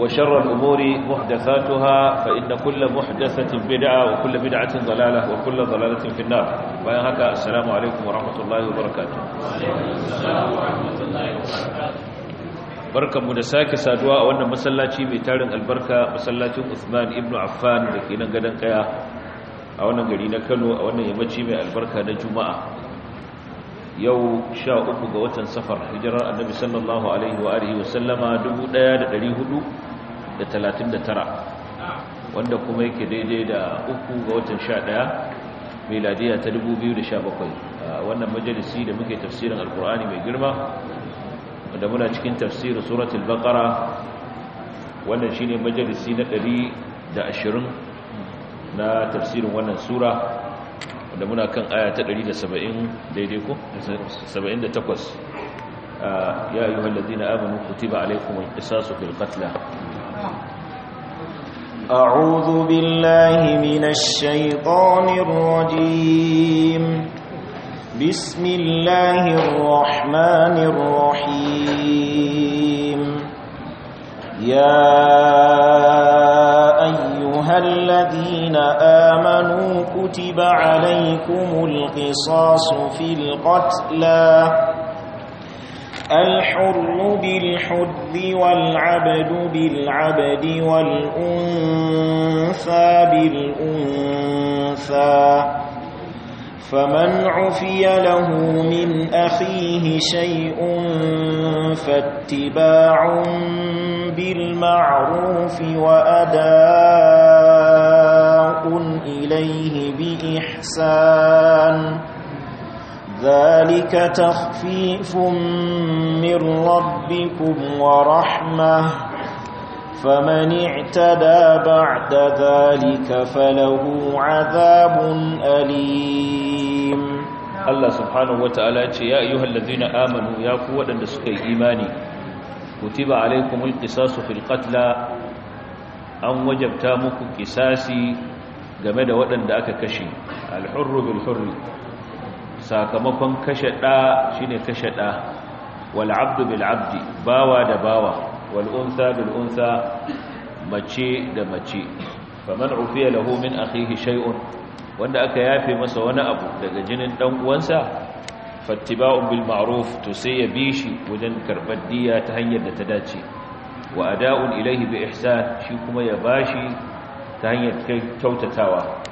وشر الأمور محدثاتها فإن كل محدثة بدعة وكل بدعة ضلالة وكل ضلالة في النار بيان هكا السلام عليكم ورحمة الله وبركاته barkan mu da sake saduwa a wannan masallaci mai tarin albarka masallacin Usman ibnu Affan da ke nan gadan kaya a wannan gari na Kano a wannan mai albarka na Juma'a yau sha uku ga watan safar hijirar annabi sallallahu alaihi wa alihi dari hudu. da talatin da tara wanda kuma yake daidai da uku ga watan sha ɗaya meladiya ta dubu biyu da sha bakwai wannan majalisi da muke tafsirin alkur'ani mai girma da muna cikin tafsirin suratul baqara wannan shine majalisi na ɗari da ashirin na tafsirin wannan sura da muna kan aya ta 170 daidai ko 78 ya ayyuhallazina amanu kutiba alaykumul qisasu su qatl أعوذ بالله من الشيطان الرجيم بسم الله الرحمن الرحيم يا أيها الذين آمنوا كتب عليكم القصاص في القتلى الحر بالحر والعبد بالعبد والأنثى بالأنثى فمن عفي له من أخيه شيء فاتباع بالمعروف وأداء إليه بإحسان ذلك تخفيف من ربكم ورحمة فمن اعتدى بعد ذلك فله عذاب أليم الله سبحانه وتعالى يا أيها الذين آمنوا يا قوة لسكي إيماني كتب عليكم القصاص في القتلى أن وجبتامك قساسي كساسي da waɗanda aka كشي الحر بالحر sakamakon kashe ɗa shine kashe ɗa wal abdu bawa da bawa wal unsa mace da mace faman ufiya lahu min akhihi shay'un wanda aka yafe masa wani abu daga jinin dan uwansa fattiba'un bil ma'ruf to sai ya bi shi wajen karɓar diya ta hanyar da ta dace wa ada'un bi ihsan shi kuma ya bashi ta hanyar kyautatawa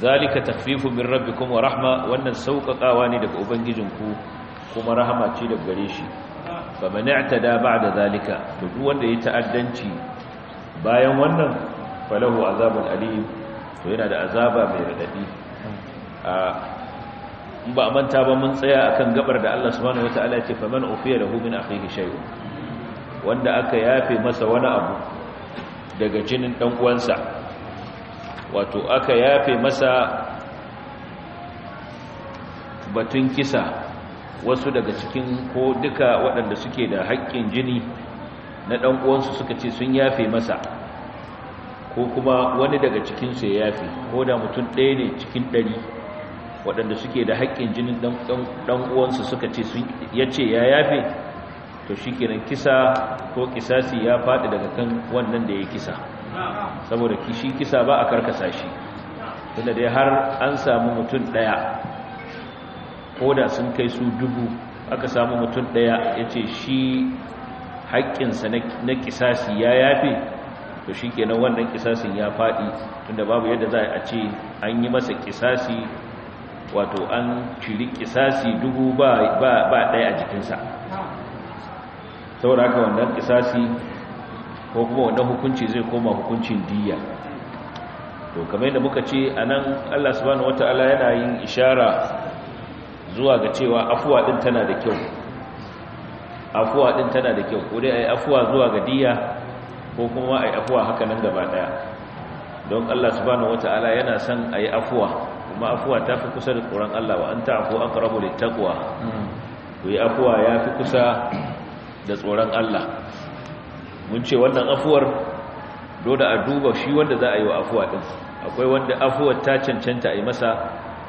zalika takfifu min rabbikum wa rahma wannan sauƙaƙawa ne daga ubangijinku kuma rahama ce daga gare shi faman i'tada ba'da zalika to duk wanda ya ta'addanci bayan wannan falahu azabun alim to yana da azaba mai radadi a ba manta ba mun tsaya akan gabar da Allah subhanahu wataala ya ce faman ufiya lahu min akhihi shay'un wanda aka yafe masa wani abu daga jinin dan uwansa wato aka yafe masa batun kisa wasu daga cikin ko duka waɗanda suke da haƙƙin jini na ɗan uwansu suka ce sun yafe masa ko kuma wani daga cikinsu ya yafe ko da mutum ɗaya ne cikin ɗari waɗanda suke da haƙƙin jini ɗan uwansu suka ce sun ya ce ya yafe to shi kisa ko kisasi ya faɗi daga kan wannan da ya kisa saboda shi kisa ba a karkasa shi tunda dai har an samu mutum daya ko da sun kai su dubu aka samu mutum daya ya ce shi haƙƙinsa na kisasi ya yafe to shi kenan wannan kisasin ya faɗi tunda babu yadda za a ce an yi masa kisasi wato an ciri kisasi dubu ba ɗaya a jikinsa saboda haka wannan kisasi ko kuma wannan hukunci zai koma hukuncin diya to kamar yadda muka ce anan Allah subhanahu wataala yana yin ishara zuwa ga cewa afuwa din tana da kyau afuwa din tana da kyau ko dai ai afuwa zuwa ga diya ko kuma ai afuwa haka nan gaba daya don Allah subhanahu wataala yana son ai afuwa kuma afuwa tafi kusa da tsoron Allah wa anta afu aqrabu taqwa hmm. ku yi afuwa yafi kusa da tsoron Allah mun ce wannan afuwar dole a duba shi wanda za a yi wa afuwa din akwai wanda afuwar ta cancanta a yi masa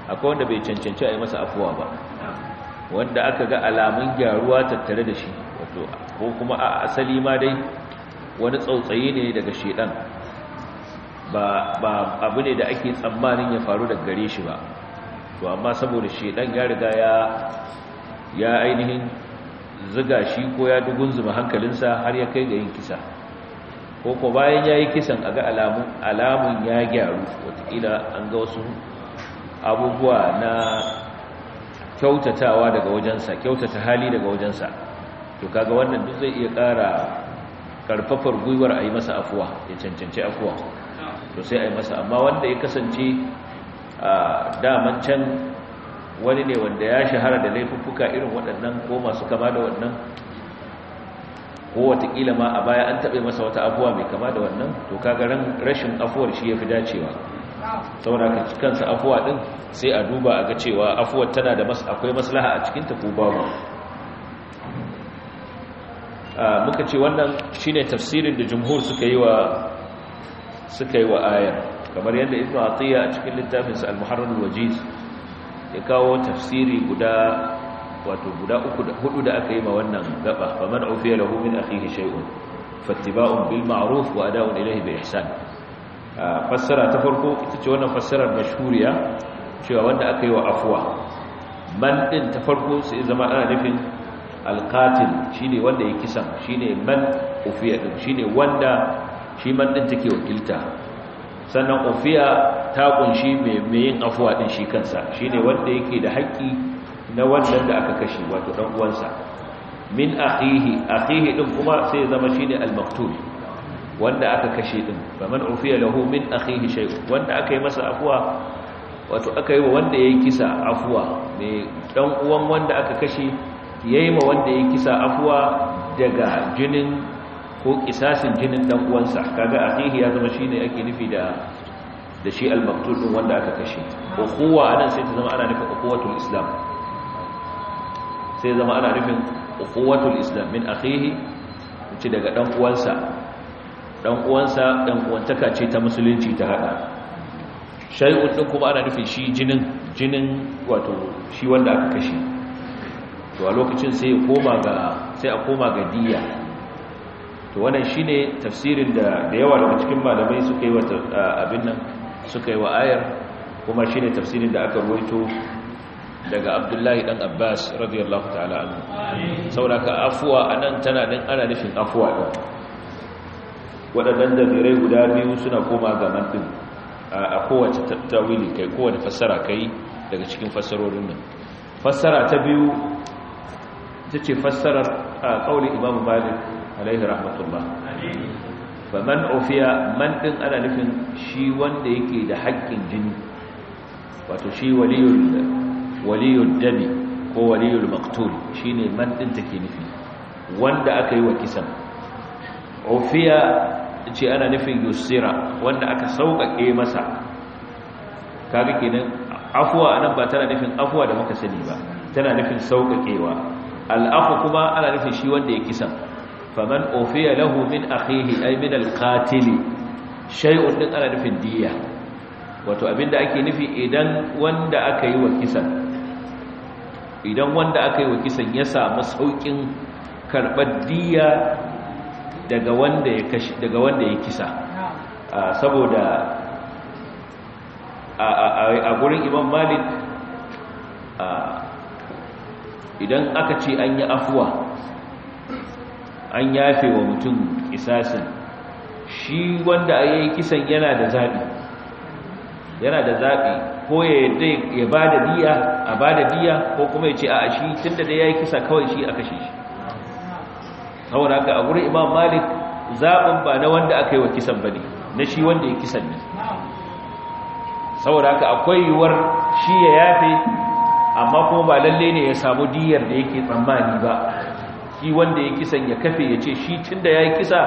akwai wanda bai cancanci a yi masa afuwa ba wanda aka ga alamun gyaruwa tattare da shi wato ko kuma a asali ma dai wani tsautsayi ne daga shedan ba abu ne da ake tsammanin ya faru daga gare shi ba to amma saboda shedan ya riga ya ya ainihin zuga shi ko ya dugun zuba hankalinsa har ya kai ga yin kisa ko ko bayan ya yi kisan a ga alamun ya gyaru watakila an ga wasu abubuwa na kyautatawa daga wajensa kyautata hali daga wajensa to kaga wannan duk zai iya kara karfafar gwiwar a yi masa afuwa ya cancanci afuwa to sai a yi masa amma wanda ya kasance a daman can wani ne wanda ya shahara da laifuffuka irin waɗannan ko masu kama da wannan ko watakila ma a baya an taɓe masa wata abuwa mai kama da wannan to kaga rashin afuwar shi ya fi dacewa saboda ka kansa afuwa din sai a duba a ga cewa afuwar tana da akwai maslaha a cikinta ko babu muka ce wannan shine tafsirin da jumhur suka yi wa suka ayar kamar yadda ibnu atiya a cikin littafinsa al-muharrar wajiz ya kawo tafsiri guda wato guda uku da hudu da aka yi ma wannan gaba ba man ufiya lahu min akhihi shay'un fattiba'un bil ma'ruf wa ada'un ilayhi bi ihsan fassara ta farko ita ce wannan fassarar mashhuriya cewa wanda aka yi wa afwa man din ta farko sai zama ana nufin alqatil shine wanda ya kisan shine man ufiya din shine wanda shi man din take wakilta sannan ofiya ta kunshi mai yin afuwa din shi kansa shi ne wanda yake da haƙƙi na wannan da aka kashe wato dan uwansa min akhihi akhihi din kuma sai ya zama shine al-maqtul wanda aka kashe din faman ufiya lahu min akhihi shay wanda aka yi masa afuwa wato aka yi wa wanda yayi kisa afuwa ne dan uwan wanda aka kashe yayi ma wanda yayi kisa afuwa daga jinin ko kisasin jinin dan uwansa kaga akhihi ya zama shine ake nufi da da shi al-maqtul din wanda aka kashe ukhuwa anan sai ta zama ana nufin ukhuwatul islam sai zama ana nufin ukhuwatul islam min akhihi ce daga dan uwansa dan uwansa dan uwantaka ce ta musulunci ta hada shay'un din kuma ana nufin shi jinin jinin wato shi wanda aka kashe to a lokacin sai koma ga sai a koma ga diyya to wannan shine tafsirin da da yawa daga cikin malamai suka yi wa abin nan suka yi wa ayar kuma shine tafsirin da aka ruwaito daga Abdullahi dan Abbas radiyallahu ta'ala anhu saboda ka afuwa anan tana nan ana nufin afuwa din waɗannan damirai guda biyu suna koma ga mantin a kowace tattawili kai kowace fassara kai daga cikin fassarorin nan fassara ta biyu ta ce fassarar a ƙaunin Imam malik alaihi rahmatullah man ofiya man din ana nufin shi wanda yake da haƙƙin jini wato shi waliyul dami ko waliyul maktul shi ne man din take nufi wanda aka yi wa kisan ofiya ce ana nufin yusira wanda aka sauƙaƙe masa kaga kenan afuwa anan ba tana nufin afuwa da muka sani ba tana nufin sauƙaƙewa al'afu kuma ana nufin shi wanda ya kisan faman ofiya lahu min akhihi ay min alqatili shay'un din ana nufin diya wato abinda ake nufi idan wanda aka yi wa kisan idan wanda aka yi wa kisan ya samu saukin karbar diya daga wanda ya kashi daga wanda ya kisa saboda a gurin imam malik idan aka ce an yi afuwa an yafe wa mutum kisasin shi wanda a yi kisan yana da zaɓi yana da zaɓi ko ya ba da diya a ba da diya ko kuma ya ce a shi tun da ya yi kisa kawai shi a kashe shi saboda ga a wurin imam malik zaɓin ba na wanda aka yi wa kisan ba ne na shi wanda ya kisan ne saboda ga akwai yiwuwar shi ya yafe amma kuma ba lalle ne ya samu diyar da yake tsammani ba shi wanda ya kisan ya kafe ya ce shi tun da ya yi kisa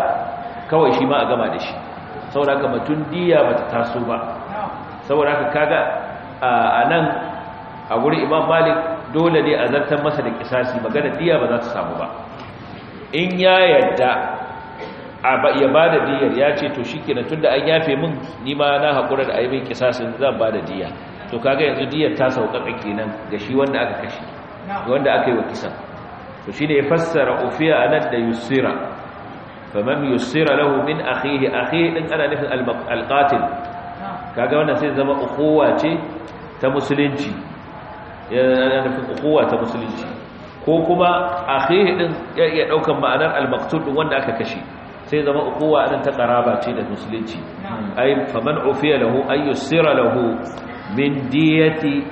kawai shi ma a gama da shi saboda haka mutum diya ba ta taso ba saboda haka kaga a nan a wurin imam malik dole ne a zartar masa da kisasi magana diya ba za ta samu ba in ya yadda ya ba da diyar ya ce to shi tun da an yafe min nima na haƙura da aibin kisasin zan ba da diya to kaga yanzu diyar ta sauƙaƙa kenan ga shi wanda aka kashe wanda aka yi wa kisan to shi ne fassara ufiya a nan da yusira faman yusira lahu min akhihi akhihi din ana nufin alqatil kaga wannan sai zama ukuwa ce ta musulunci yana nufin ukuwa ta musulunci ko kuma akhihi din ya iya daukan ma'anar almaqtul din wanda aka kashe sai zama ukuwa din ta karaba ce da musulunci ay faman ufiya lahu ay yusira lahu min diyati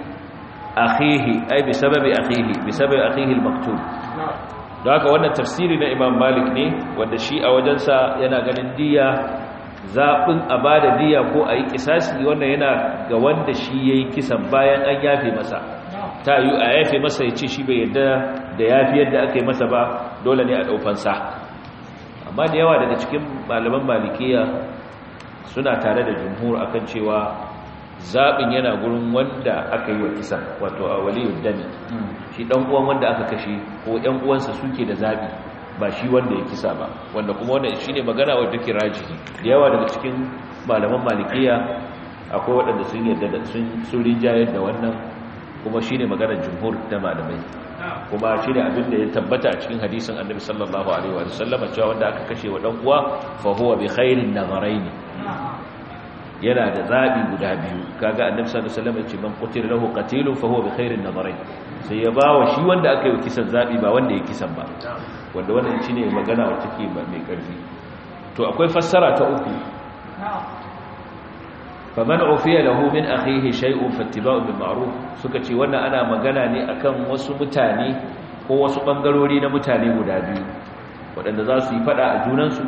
akhihi ay bisababi akhihi bisababi akhihi almaqtul don haka wannan tafsiri na imam malik ne wanda shi a wajensa yana ganin diya zaɓin a ba da diya ko a yi ƙisasi wannan yana ga wanda shi ya yi kisan bayan an yafe masa ta yi a yafe masa ya ce shi bai yadda da yafi yadda aka yi masa ba dole ne a ɗaufansa amma da yawa daga cikin malaman malikiya suna tare da jumhur akan cewa zaɓin yana gurin wanda aka yi wa kisa wato a waliyar dami hmm. shi ɗan uwan wanda aka kashe ko ‘yan uwansa suke da zaɓi ba shi wanda ya kisa ba wanda kuma wanda shi ne magana wadda ke raji da yawa daga cikin malaman malikiya akwai waɗanda sun yarda da sun jayar da wannan kuma shi ne maganar jumhur da malamai kuma shi ne abin da ya tabbata a cikin hadisin annabi sallallahu alaihi wa sallama cewa wanda aka kashe wa ɗan uwa fa huwa bi khairin ne. yana da zaɓi guda biyu kaga annabi sallallahu alaihi wasallam ya ce man qutila lahu qatilun fa huwa bi khairin sai ya bawa shi wanda aka yi kisan zabi ba wanda ya kisan ba wanda wannan shine magana wacce take mai karfi to akwai fassara ta uku faman ufiya lahu min akhihi shay'un fattiba'u bil ma'ruf suka ce wannan ana magana ne akan wasu mutane ko wasu bangarori na mutane guda biyu waɗanda za su yi fada a junansu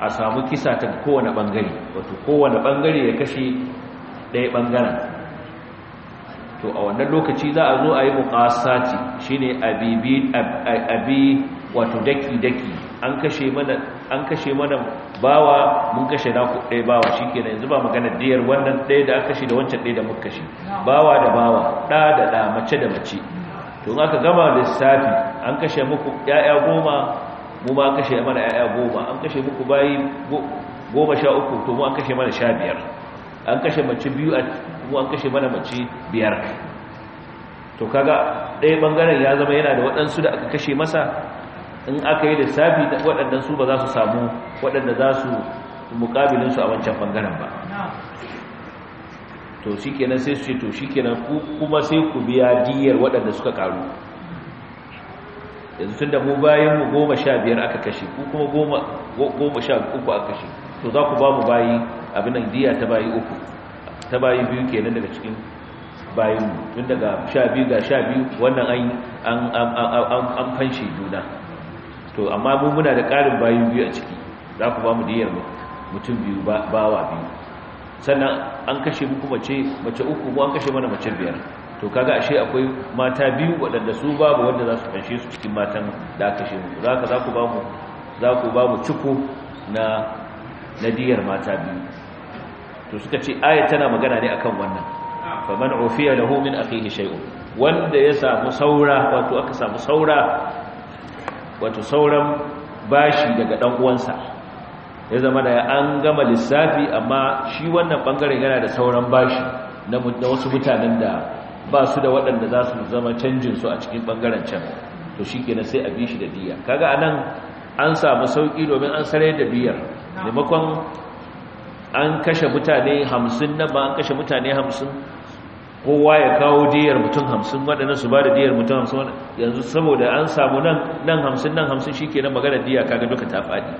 a samu kisa ta kowane bangare wato kowane bangare ya kashe ɗaya bangaren to a wannan lokaci za a zo a yi muƙasati shine ne abi wato daki daki an kashe mana bawa mun kashe naku ɗaya bawa shi shikenan yanzu ba magana diyar wannan ɗaya da aka kashe da wancan ɗaya da muka kashe bawa da bawa ɗa da ɗa mace da mace to aka gama lissafi an kashe muku ya'ya goma mu ma an kashe mana ƴaƴa goma an kashe muku bayi goma sha uku to mu an kashe mana sha biyar an kashe mace biyu a mu an kashe mana mace biyar to kaga ɗaya ɓangaren ya zama yana da waɗansu da aka kashe masa in aka yi lissafi da waɗannan su ba za su samu waɗanda za su mukabilinsu a wancan ɓangaren ba to shi kenan sai su ce to shi kenan kuma sai ku biya diyar waɗanda suka ƙaru yanzu tun da mu bayan mu goma sha biyar aka kashe ku kuma goma sha uku aka kashe to za ku ba mu bayi abinan diya ta bayi uku ta bayi biyu kenan daga cikin bayin mu tun daga sha biyu ga sha biyu wannan an fanshe juna to amma mu muna da ƙarin bayi biyu a ciki za ku ba mu diyar mutum biyu bawa biyu sannan an kashe muku mace uku ko an kashe mana mace biyar to kaga ashe akwai mata biyu waɗanda su babu wanda za su kanshe su cikin matan da aka shi zaka za ku ba mu za ba mu ciko na nadiyar mata biyu to suka ce aya tana magana ne akan wannan man ufiya lahu min akhihi shay'un wanda ya samu saura wato aka samu saura wato sauran bashi daga dan uwansa ya zama da an gama lissafi amma shi wannan bangaren yana da sauran bashi na wasu mutanen da ba su da waɗanda za su zama canjinsu a cikin ɓangaren can to shi kenan sai a bi shi da diya kaga anan an samu sauƙi domin an sarai da biyar, maimakon an kashe mutane hamsin nan ba an kashe mutane hamsin kowa ya kawo diyar mutum hamsin waɗanda su ba da diyar mutum hamsin yanzu saboda an samu nan hamsin nan hamsin shi kenan maganar diya kaga duka ta faɗi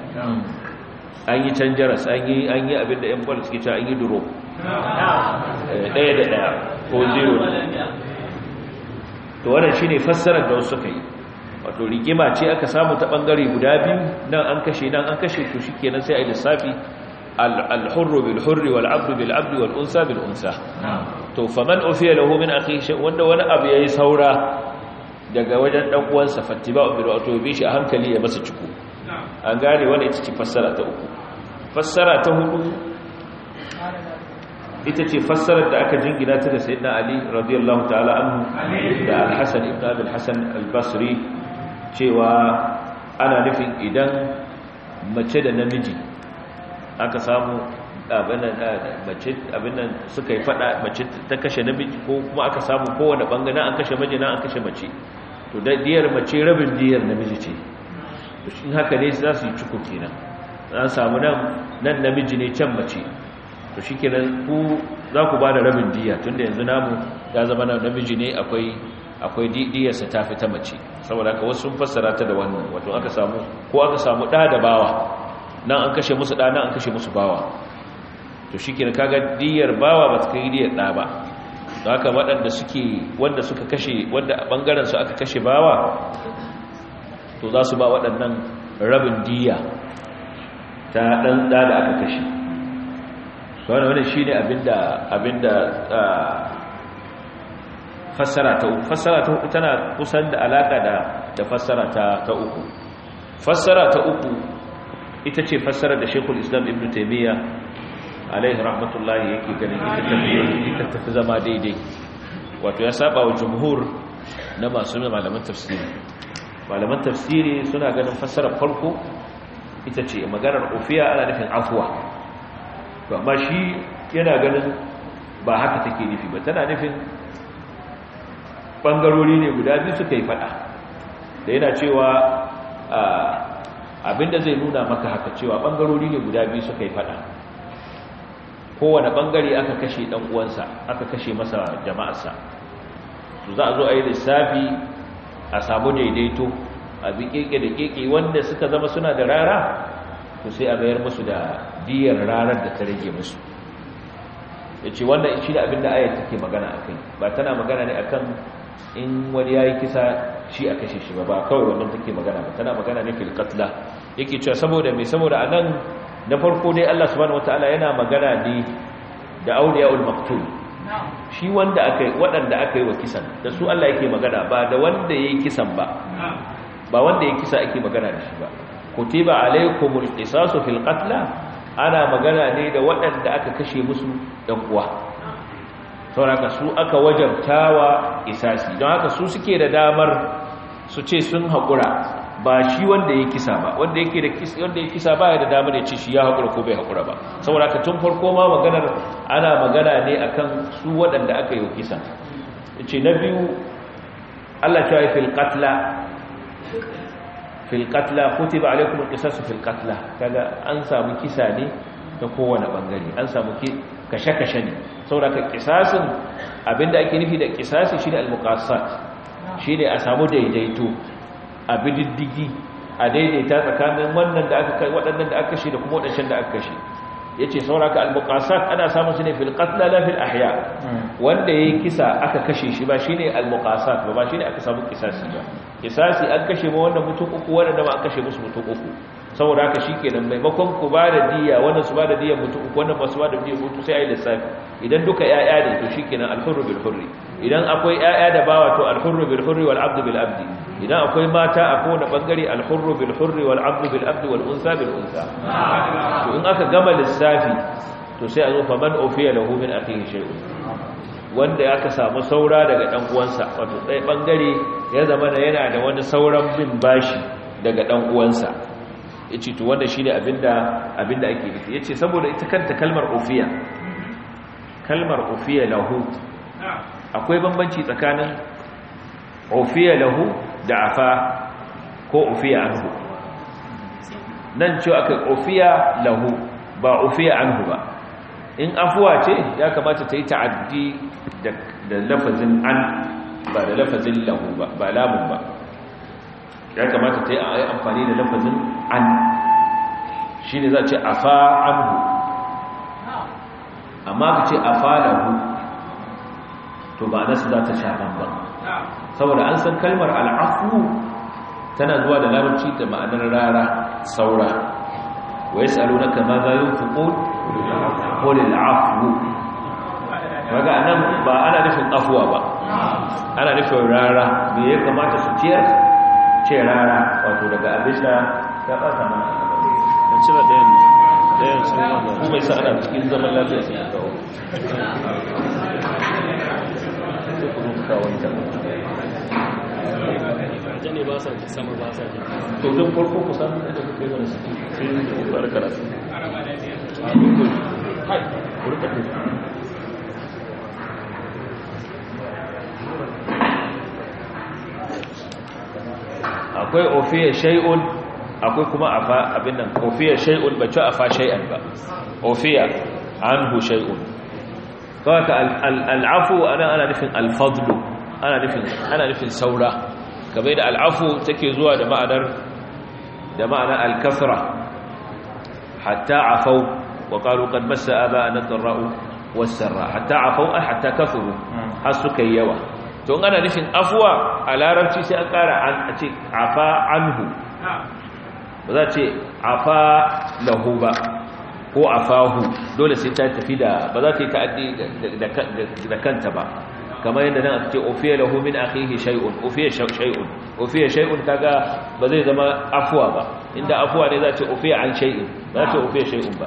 an yi can jaras an yi abin da 'yan kwallo suke cewa an yi duro eh, ɗaya da ɗaya ko zero to wannan shine fassarar da wasu suka yi wato rigima ce aka samu ta bangare guda biyu nan an kashe nan an kashe to shikenan sai a lissafi al-hurr bil hurr wal 'abd bil 'abd wal unsa bil unsa to faman ufiya lahu min akhihi wanda wani abu yayi saura daga wajen dan uwansa fattiba'u bil wato bi shi a hankali ya masa ciko an gane wannan ita ce fassara ta uku fassara ta hudu ita ce fassarar da aka jingina ta da sayyidina ali radiyallahu ta'ala anhu da al-hasan ibn abi al-hasan al-basri cewa ana nufin idan mace da namiji aka samu eh, abin nan suka yi fada mace ta kashe namiji ko kuma aka samu kowane bangana an kashe na an kashe mace to da diyar mace rabin diyar namiji ce to shi haka ne za su yi cuku kenan an samu nan namiji ne can mace to shi kenan ku za ku ba da rabin diya tunda yanzu namu ya zama na namiji ne akwai akwai diyarsa ta fi ta mace saboda haka wasu sun fassara ta da wannan wato aka samu ko aka samu ɗa da bawa nan an kashe musu ɗa nan an kashe musu bawa to shi kenan kaga diyar bawa ba ta kai diyar ɗa ba don haka waɗanda suke wanda suka kashe wanda a ɓangaren su aka kashe bawa to za su ba waɗannan rabin diya ta ɗan ɗa da aka kashe wani wani shi ne abinda fassara ta uku fassara ta uku tana kusan da alaƙa da fassara ta uku fassara ta uku ita ce fassara da shekul islam ibn taimiyya alaihi rahmatullahi yake ganin ita tafi zama daidai wato ya saba wa jumhur na masu malaman tafsiri malaman tafsiri suna ganin fassara farko ita ce maganar ofiya ana nufin afuwa amma shi yana ganin ba haka take nufi ba tana nufin bangarori ne guda biyu suka yi fada da yana cewa abinda zai nuna maka haka cewa ɓangarori ne guda biyu suka yi fada kowane ɓangare aka kashe dan uwansa aka kashe masa jama'arsa to za a zo a yi lissafi a samu daidaito a bi keke da keke wanda suka zama suna da rara to sai a bayar musu da diyar ranar da ta rage musu ya ce wannan shi abin abinda ayat take magana a kai ba tana magana ne akan in wani ya yi kisa shi a kashe shi ba ba kawai wannan take magana ba tana magana ne filkatla Ya yake cewa saboda mai saboda a nan na farko dai allah subhanahu wataala yana magana ne da auri ya maktul shi wanda aka yi, waɗanda aka yi wa kisan da su Allah yake magana ba da wanda ya yi kisan ba ba wanda ya yi kisa ake magana da shi ba kutiba alaikumul qisasu fil qatla ana magana ne da waɗanda aka kashe musu ɗan uwa sauraka su aka wajabtawa isasi don haka su suke da damar su ce sun haƙura ba shi wanda ya kisa ba wanda ya kisa ba ya da damar ya ce shi ya haƙura ko bai haƙura ba saboda ka tun farko ma maganar ana magana ne a kan su waɗanda aka yi kisa ce na biyu Allah ta filkatla kutiba alaikum alqisasu filkatla kaga an samu kisa ne ta kowane bangare an samu kashe kashe ne saboda ka kisasin abinda ake nufi da kisasi shine almuqassat shine a samu daidaito a bididdigi a daidaita tsakanin wannan da aka kai waɗannan da aka kashe da kuma waɗancan da aka kashe yace sauraka al-muqassat ana samun shi ne fil na la fil wanda yayi kisa aka kashe shi ba shine al-muqassat ba shi ne aka samu kisasi ba kisasi an kashe ma wanda mutum uku wanda ba an kashe musu mutum uku saboda haka shikenan maimakon ku ba da diya wannan su ba da diyan mutu uku wannan ba su ba da diyan mutu sai ayi lissafi idan duka 'ya'ya ne to shikenan al-hurru bil hurri idan akwai 'ya'ya da bawa to al-hurru bil hurri wal abdu bil abdi idan akwai mata a kowane bangare al-hurru bil hurri wal abdu bil abdi wal unsa bil unsa to in aka gama lissafi to sai a zo faman ofiya lahu min akhihi shay'un wanda aka samu saura daga dan uwansa wato ɗaya bangare ya zama yana da wani sauran bin bashi daga dan uwansa ya ce to wanda shi ne abinda ake nufi ya ce saboda ita kanta kalmar ofiya kalmar ofiya lahu akwai bambanci tsakanin ofiya lahu da afa ko ofiya anhu nan ce aka ofiya lahu ba ofiya anhu ba in afuwa ce ya kamata ta yi ta'addi da lafazin an ba da lafazin lahu ba lamun ba ya kamata ta yi amfani da lafazin an shi ne za ce a hu amma ka ce a hu to ba nasu za ta shaban ba saboda an san kalmar al'afu tana zuwa da larabci da ma'anar rara saura wa yi tsaro na kama za yi fuko kolin Ba daga nan ba ana nufin afuwa ba ana nufin rara me ya kamata su ciyar ce rara wato daga abisa ta ɓasa mana a cire ɗayan ɗayan sun wanda kuma isa ana cikin zaman lafiya su kawo farko da kai wani a akwai ofiya shay'un akwai kuma afa abin nan ofiya shay'un ba ci afa shay'an ba ofiya anhu shay'un kawaka al'afu ana ana nufin alfadlu ana nufin ana nufin saura kamar da al'afu take zuwa da ma'anar da ma'anar al-kasra hatta afau wa qalu qad massa aba'ana ad-darra'u was-sarra hatta afau hatta kafaru har suka yawa to ana nufin afuwa a larabci sai an ƙara a ce afa anhu ba za ce afa lahu ba ko afahu dole sai ta tafi da ba za ta yi ta'addi da kanta ba kamar yadda nan aka ce ofiya lahu min akhihi shay'un ofiya shay'un ofiya shay'un kaga ba zai zama afuwa ba inda afuwa ne za ce ofiya an shay'in ba za ce ofiya shay'un ba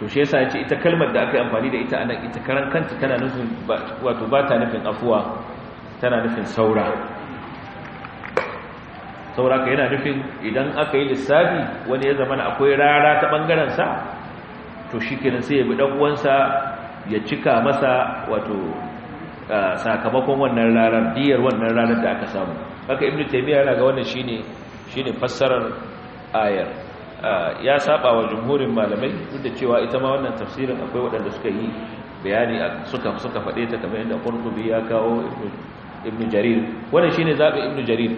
to shi yasa yace ita kalmar da aka yi amfani da ita anan ita karan kanta tana nufin wato ba ta nufin afuwa tana nufin saura saura ka yana nufin idan aka yi lissafi wani ya zama akwai rara ta bangaren sa to kenan sai ya bi dan uwansa ya cika masa wato sakamakon wannan rarar diyar wannan rarar da aka samu haka ibnu taymiya yana ga wannan shine shine fassarar ayar ya saba wa jumhurin malamai duk da cewa ita ma wannan tafsirin akwai waɗanda suka yi bayani suka suka faɗe ta kamar yadda Qurtubi ya kawo Ibn Jarir wannan shine zabi Ibn Jarir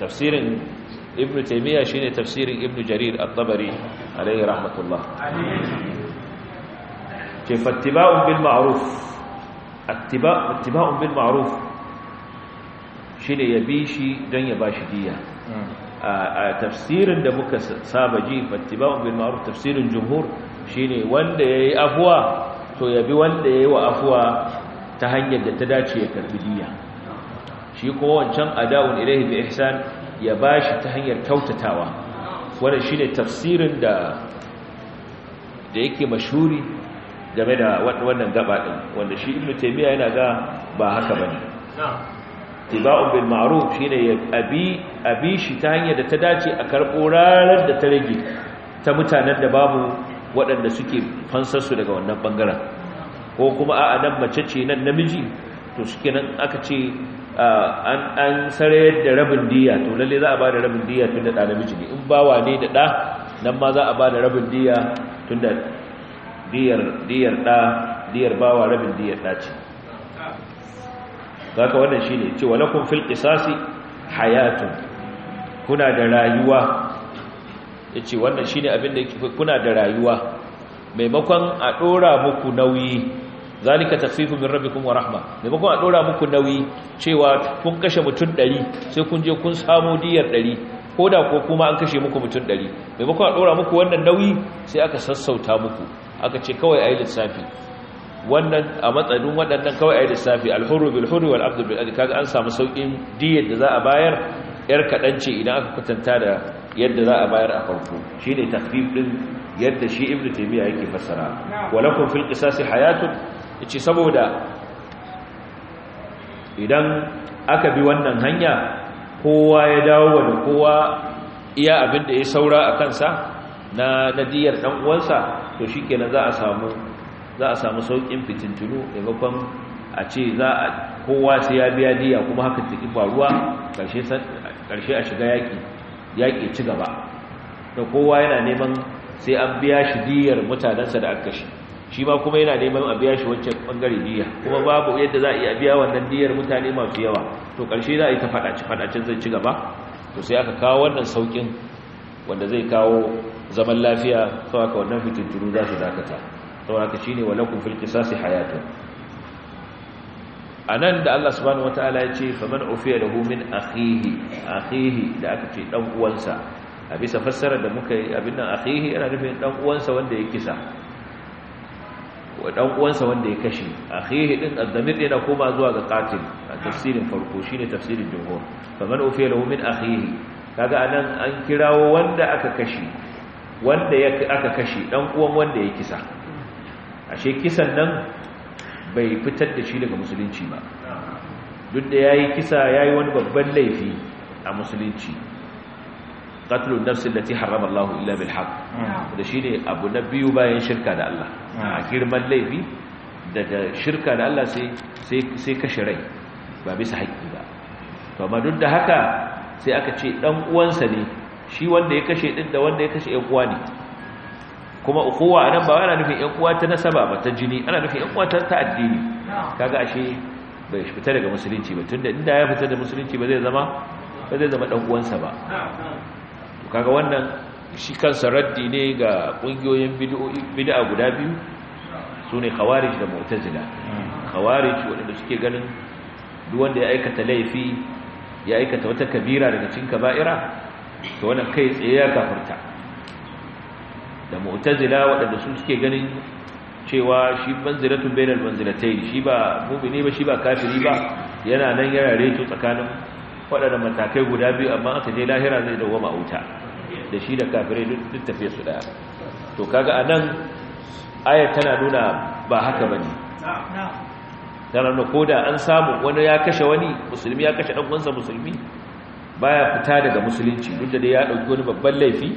tafsirin Ibn Taymiyyah shine tafsirin Ibn Jarir At-Tabari alayhi rahmatullah ce fattiba'un bil ma'ruf attiba'un bil ma'ruf shine ya bi shi don ya bashi diya hmm. a tafsirin da muka saba ji fattiba'un bin ma'ruf tafsirin jumhur shine wanda yayi afuwa to ya bi wanda ya yi wa afuwa ta hanyar da ta dace ya karbi diya shi ko wancan adawun ilaihi bi ihsan ya bashi ta hanyar kyautatawa wannan shine tafsirin da da yake mashuri game da wannan gaba din wanda shi ibnu taymiya yana ga ba haka bane ne. tiba'un bil ma'ruf shine ya abi abi shi ta hanyar da ta dace a karbo ranar da ta rage ta mutanen da babu waɗanda suke fansar su daga wannan bangaren ko kuma a nan mace ce nan namiji to suke nan aka ce an sare da rabin diya to lalle za a ba da rabin diya tun da namiji ne in bawa ne da ɗa nan ma za a ba da rabin diya tun da diyar ɗa diyar bawa rabin diyar ɗa ce Zaka wannan shine cewa lakum fil qisasi hayatun kuna da rayuwa yace wannan shine abin da kuna da rayuwa maimakon a dora muku nauyi zalika tafifu min rabbikum wa rahma maimakon a dora muku nauyi cewa kun kashe mutum 100 sai kun je kun samu diyar 100 koda ko kuma an kashe muku mutum 100 maimakon a dora muku wannan nauyi sai aka sassauta muku aka ce kawai ayi lissafi wannan a matsayin waɗannan kawai a yi lissafi alhuru bil huru wal abdu bil kaga an samu saukin diyar da za a bayar yar kaɗan ce idan aka kwatanta da yadda za a bayar a farko ne takfif din yadda shi ibnu taymiya yake fassara walakum fil qisasi hayatun ce saboda idan aka bi wannan hanya kowa ya dawo da kowa iya abin da ya saura a kansa na diyar ɗan uwansa to shikenan za a samu za a samu saukin fitintunu bakon a ce za a kowa sai ya biya diya kuma haka ta ƙi faruwa ƙarshe a shiga yaƙi yaƙi ci gaba da kowa yana neman sai an biya shi diyar mutanensa da aka shi shi ma kuma yana neman a biya shi wancan ɓangare diya kuma babu yadda za a iya biya wannan diyar mutane masu yawa to ƙarshe za a yi ta faɗaci faɗacin zai ci gaba to sai aka kawo wannan saukin wanda zai kawo zaman lafiya sau aka wannan fitintunu za su dakata saboda shine walakum fil qisasi hayatun anan da Allah subhanahu wataala ya ce faman ufiya lahu min akhihi akhihi da aka ce dan uwansa a bisa fassarar da muka yi abin nan akhihi ana nufin dan uwansa wanda ya kisa wa dan uwansa wanda ya kashe akhihi din addamir yana koma zuwa ga qatil a tafsirin farko shine tafsirin jumhur faman ufiya lahu min akhihi kaga anan an kirawo wanda aka kashe wanda aka kashe dan uwan wanda ya kisa ashe kisan nan bai fitar da shi daga musulunci ba duk da ya kisa yayi wani babban laifi a musulunci qatlu nafsin lati harrama Allahu illa bil haqq da shine abu na biyu bayan shirka da Allah a girman laifi daga shirka da Allah sai sai kashe rai ba bisa haƙƙi ba to amma duk da haka sai aka ce dan uwansa ne shi wanda ya kashe din da wanda ya kashe ɗan uwa ne kuma ukuwa anan ba yana nufin ƴan uwa ta nasaba ba ta jini ana nufin ƴan uwa ta addini kaga ashe bai fita daga musulunci ba tunda inda ya fita da musulunci ba zai zama ba zai zama dan uwansa ba to kaga wannan shi kansa raddi ne ga kungiyoyin bid'a guda biyu sune khawarij da mu'tazila khawarij wanda suke ganin duk wanda ya aikata laifi ya aikata wata kabira daga cikin kaba'ira to wannan kai tsaye ya kafirta da mu'tazila waɗanda su suke ganin cewa shi manzilatun bainal manzilatayn shi ba mu'mini ba shi ba kafiri ba yana nan yana reto tsakanin waɗannan matakai guda biyu amma aka je lahira zai dawo ma'auta. da shi da kafirai duk tafiye su da. to kaga anan aya tana nuna ba haka bane tana ko da an samu wani ya kashe wani musulmi ya kashe dan uwansa musulmi baya fita daga musulunci duk da ya ɗauki wani babban laifi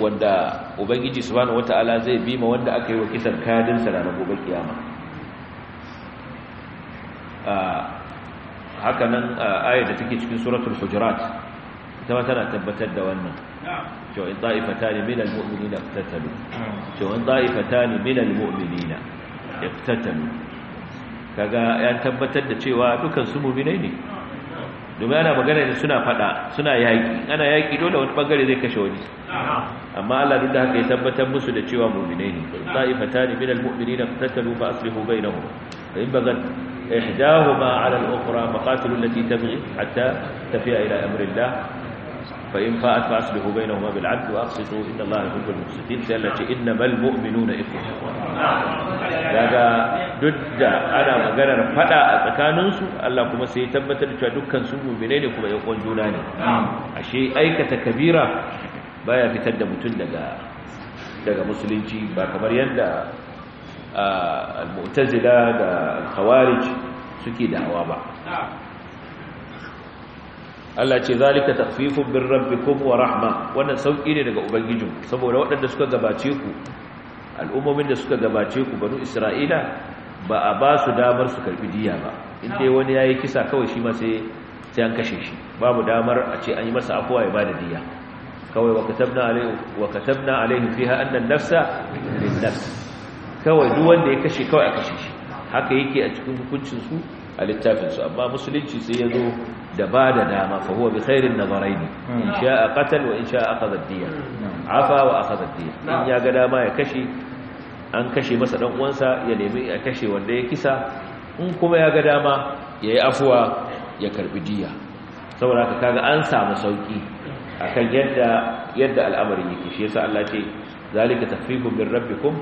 wanda ubangiji subhanahu wata'ala zai bima wanda aka yi wa kisan kadin sa ranar gobe kiyama haka nan ayar da take cikin suratul hujurat ita ma tana tabbatar da wannan to in da'ifatan min almu'minina iftatalu to in da'ifatan min almu'minina iftatalu kaga ya tabbatar da cewa dukan su mu'minai ne domin ana magana ne suna fada suna yaki ana yaki dole wani bangare zai kashe wani amma Allah duk da haka ya tabbatar musu da cewa mu'minai ne ta'ifatan min al-mu'minina qatalu fa aslihu bainahum fa in bagat ihdahuma 'ala al-ukhra faqatilu allati tabghi hatta tafi'a ila amri Allah fa in fa'at fa aslihu bainahuma bil 'adl wa aqsitu inna Allah yuhibbul muqsitin sai innamal mu'minuna ikhwa daga duk da ana maganar fada a tsakaninsu Allah kuma sai ya tabbatar da cewa dukkan su mu'minai ne kuma yaƙon juna ne ashe aikata kabira baya fitar da mutum daga musulunci ba kamar yadda al-mu'tazila da al-khawarij suke hawa ba Allah ce zalika takhfifun bir rabbikum wa rahma wannan sauki ne daga ubangijin saboda waɗanda suka gabace ku al'ummomin da suka gabace ku banu Isra'ila ba a ba su damar su karbi diya ba in dai wani yayi kisa kawai shi ma sai sai an kashe shi babu damar a ce an yi masa afuwa ya bada diya kawai wa katabna alaihi fi ha'annan nafsa nafs kawai duk wanda ya kashe kawai a kashe shi haka yake a cikin hukuncin su a littafinsu. amma musulunci sai ya zo da ba da dama fa bi khairin ne. in hmm. a qatal wa in sha a ad afa wa akhadha in ya ga dama ya kashe an kashe masa ɗan uwansa ya nemi a kashe wanda ya kisa in kuma ya ga dama yayi afuwa ya karɓi diya saboda haka kaga an samu sauki akan yadda yadda al'amarin yake shi yasa Allah ce zalika tafiku min rabbikum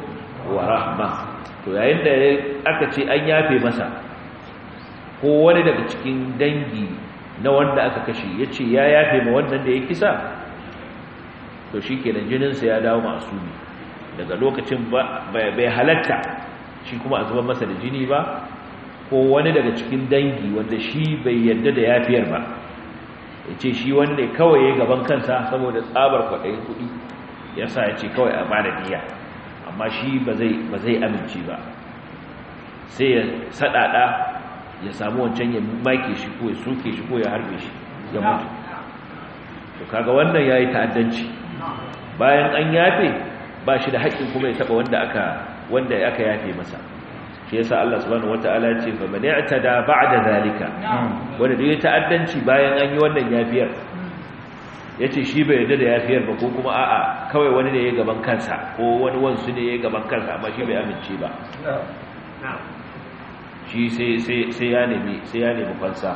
wa rahma to yayin da aka ce an yafe masa ko wani daga cikin dangi na wanda aka kashe yace ya yafe ma wannan da ya kisa to shikenan jinin sa ya dawo masumi daga lokacin bai halatta shi kuma a zuba masa da jini ba ko wani daga cikin dangi wanda shi bai yadda da yafiyar ba ya ce shi wanda kawai ya gaban kansa saboda tsabar kwaɗayin kuɗi ya sa ya ce kawai a bada niyya amma shi ba zai amince ba sai ya saɗaɗa ya samu wancan ya make shi ko ya soke shi ko ya harbe shi ya mutu to kaga wannan ya yi ta'addanci bayan an yafe ba shi da haƙƙin kuma ya taɓa wanda aka yafe masa shi yasa Allah subhanahu wataala ya ce fa man i'tada ba'da zalika wanda duk ya ta'addanci bayan an yi wannan yafiyar yace shi bai yarda da yafiyar ba ko kuma a'a kawai wani ne ya gaban kansa ko wani wansu ne ya gaban kansa amma shi bai amince ba shi sai sai ya nemi sai ya nemi fansa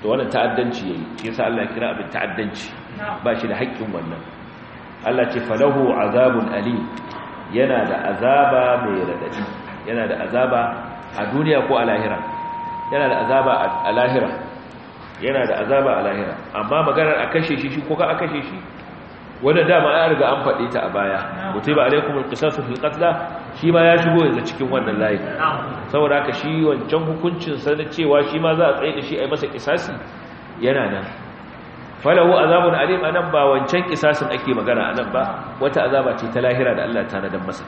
to wannan ta'addanci yayi shi yasa Allah ya kira abin ta'addanci ba shi da haƙƙin wannan Allah ce falahu azabun ali yana da azaba mai radadi yana da azaba a duniya ko a lahira yana da azaba a lahira yana da azaba a lahira amma maganar a kashe shi ko ka a kashe shi wanda dama ya riga an faɗi ta a baya kutiba alaikum qisasu fil qatla shi ma ya shigo yanzu cikin wannan layi saboda ka shi wancan hukuncin sa da cewa shi ma za a tsaye da shi a yi masa kisasi? yana nan falahu azabun alim anan ba wancan kisasin ake magana anan ba wata azaba ce ta lahira da Allah ta nadan masa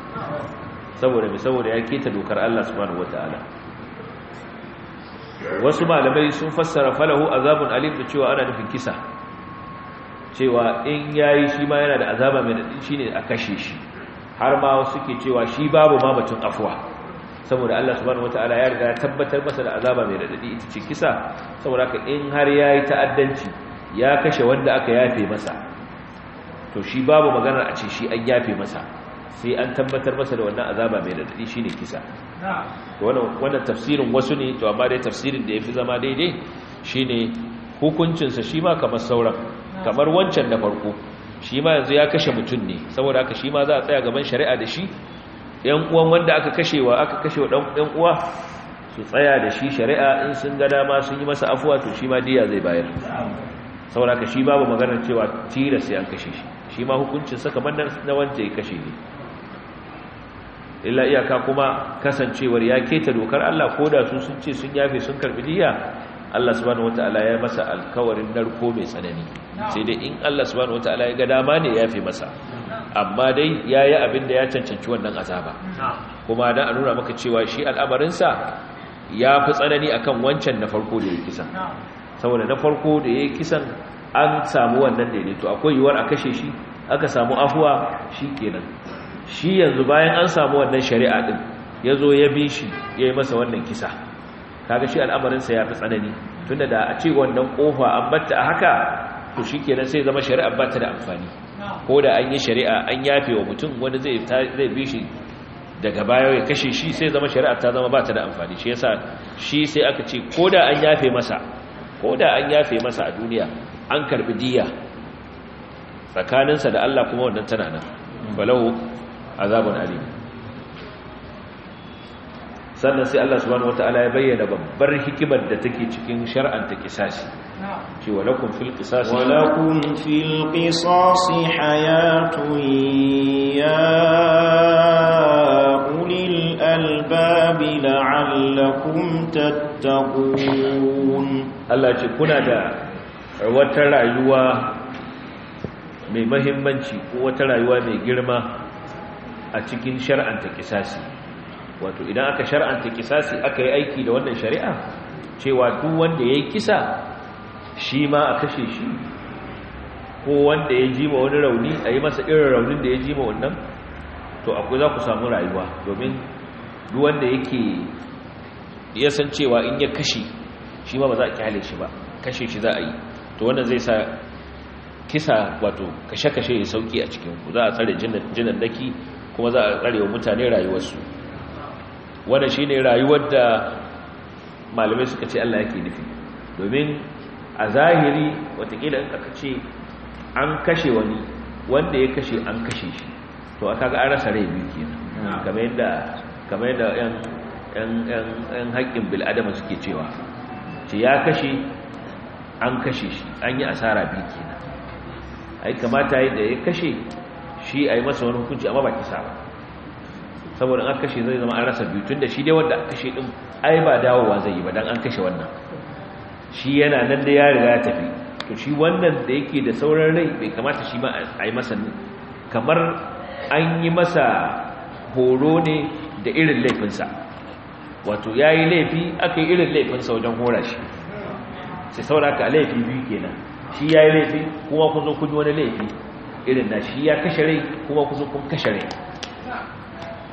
saboda mai saboda ya keta dokar Allah subhanahu wata'ala wasu malamai sun fassara falahu azabun alim da cewa ana nufin kisa cewa in yayi shi ma yana da azaba mai daɗi shine a kashe shi har ma suke cewa shi babu ma batun afuwa saboda Allah subhanahu wata'ala ya riga ya tabbatar masa da azaba mai daɗi ita ce kisa saboda haka in har ya yi ta'addanci ya kashe wanda aka yafe masa to shi babu maganar a ce shi an yafe masa sai an tabbatar masa da wannan azaba mai radadi shine kisa wannan wannan tafsirin wasu ne to amma dai tafsirin da yafi zama daidai shine hukuncin sa shi ma kamar sauran kamar wancan da farko shi ma yanzu ya kashe mutum ne saboda haka shi ma za a tsaya gaban shari'a da shi yan uwan wanda aka kashewa aka kashewa dan yan uwa su tsaya da shi shari'a in sun ga dama sun yi masa afuwa to shi ma diya zai bayar saboda haka shi babu maganar cewa tira sai an kashe shi shi ma hukuncin sa kamar na wanda ya kashe ne illa iyaka kuma kasancewar ya keta dokar Allah ko da su sun ce sun yafe sun karbi diya Allah subhanahu wataala ya masa alkawarin narko mai tsanani sai dai in Allah subhanahu wataala ya ga dama ne ya yafe masa amma dai yayi abin da ya cancanci wannan azaba kuma dan a nuna maka cewa shi al'amarin sa ya fi tsanani akan wancan na farko da ya kisan saboda na farko da ya kisan an samu wannan daidaito akwai yuwar a kashe shi aka samu afuwa shikenan shi yanzu bayan an samu wannan shari'a din ya zo ya bi shi ya yi masa wannan kisa kaga shi sa ya fi tsanani tunda da a ce wannan kofa an batta a haka to shi kenan sai zama shari'a ba ta da amfani ko da an yi shari'a an yafe wa mutum wani zai bi shi daga baya ya kashe shi sai zama shari'a ta zama ba ta da amfani shi yasa shi sai aka ce ko da an yafe masa ko da an yafe masa a duniya an karbi diya tsakaninsa da Allah kuma wannan tana nan balahu azabun alim sannan sai Allah subhanahu wataala ya bayyana babbar hikimar da take cikin shar'anta kisasi cewa lakum fil qisasi walakum fil qisasi hayatun ya ulil albabi la'allakum tattaqun Allah ce kuna da wata rayuwa mai mahimmanci ko wata rayuwa mai girma a cikin shar'anta kisasi wato idan aka shar'anta kisasi aka yi aiki da wannan shari'a cewa duk wanda ya yi kisa shi ma a kashe shi ko wanda ya ji ma wani rauni a yi masa irin raunin da ya ji ma wannan to akwai za ku samu rayuwa domin duk wanda yake ya san cewa in ya kashe shi ma ba za a kyale shi ba kashe shi za a yi to wannan zai sa kisa wato kashe-kashe ya sauki a cikin ku za a tsare jinan daki kuma za a tsare wa mutane rayuwarsu shi shine rayuwar da malamai suka ce Allah yake nufi domin a zahiri watakila in ka ce an kashe wani wanda ya kashe an kashe shi to aka ga an rasa rai biyu kenan kamar yadda kamar yadda yan haƙƙin bil'adama suke cewa ce ya kashe an kashe shi an yi asara biyu kenan ai kamata yadda ya kashe shi a yi masa wani hukunci amma ba kisa ba saboda an kashe zai zama an rasa biyu tun da shi dai wanda aka kashe din ai ba dawowa zai yi ba dan an kashe wannan shi yana nan da ya riga ya tafi to shi wannan da yake da sauran rai bai kamata shi ma a yi masa kamar an yi masa horo ne da irin laifinsa wato ya yi laifi aka yi irin laifinsa wajen hora shi sai sauraka a laifi biyu kenan shi ya yi laifi kuma kun zo kun yi wani laifi irin na shi ya kashe rai kuma kusa kun kashe rai